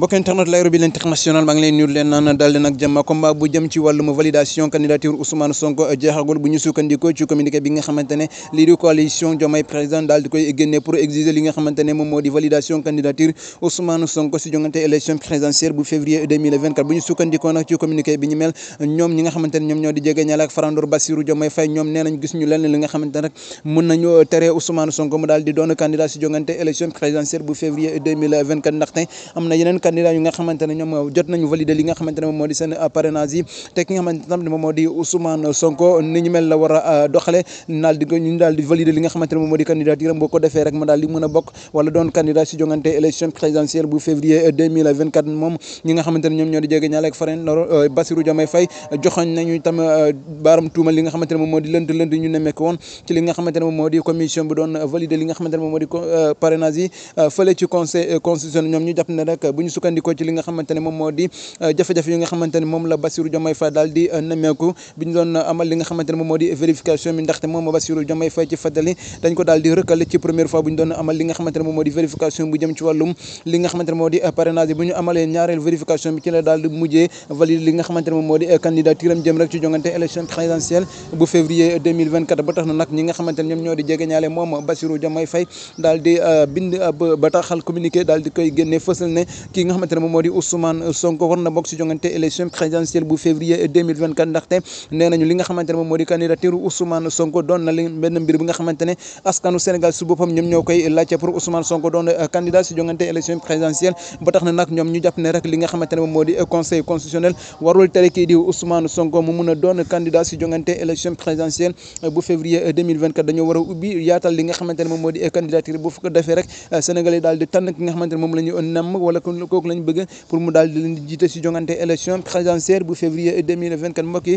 mbokk internet Laye Roby l'international maa ngi leen nuyu leen naan daal leen ak jàmm combat bu bu ñu ci communiqué bi validation candidature Ousmane Sonko si bu ñu sukkandikoo ci communiqué bi ñu mel ñoom ñi nga xamante ñoom ñoo di jege ñaala ak Farandor Bassirou Diomaye Faye ñoom nee nañ gis ñu lenn li nga xamante rek mën nañu tere Ousmane Sonko mu daal di doon candidat si jongante élection présidentielle bu février 2024 ndaxte am na yeneen candidat yu nga xamante moom moo seen euh, parrainage te ki nga xamante moom moo di Ousmane Sonko ni ci conseil euh, constitutionnel ñoom ñu jàpp ne rek ñu sukkandikoo ci li nga xamante ne moom moo di euh, jafe-jafe yi nga xamante ne moom la Bassirou Diomaye Faye daal di euh, nemmeeku moom moo di vérification bi ndaxte moom Bassirou Diomaye Faye ci fàttali dañ ko daal di rëkkale ci première fois bu ñu doon amal li nga moo di vérification bu jëm ci wàllum li nga xamante ne moo di euh, parrainage bu ñu amalee ñaareel vérification bi ci di mujjee valide li ba tax communiqué daal di koy génne fësal ne kii nga xamante ne Sonko war na bokk si jongante élection présidentielle bu février 2024 dañoo war ubbi yaatal li nga xamante ne moom moo di candidature defee rek Sénégal daal di tànn ki nga xamante moom la ñu namm wala kooku lañ bëgg pour mu daal di leen jiite si jongante élection présidentielle bu février 2024 mbokk yi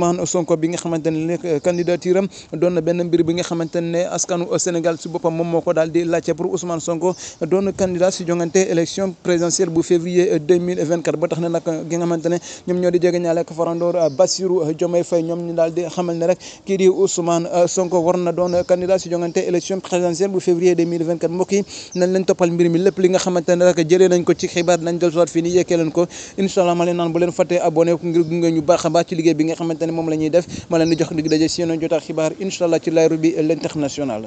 Ousmane Sonko bi nga xamante ne euh, doon na benn mbir bi nga xamante euh, euh, na rek kii di ko ci xibaar nañ dellusiwaat fii nii yekkee leen ko incha naan bu leen fàttee ngir gunge ñu moom la ñuy def ma leen di jox dig daje si yeneen jotaay xibaar incha allah ci Laye Roby l'international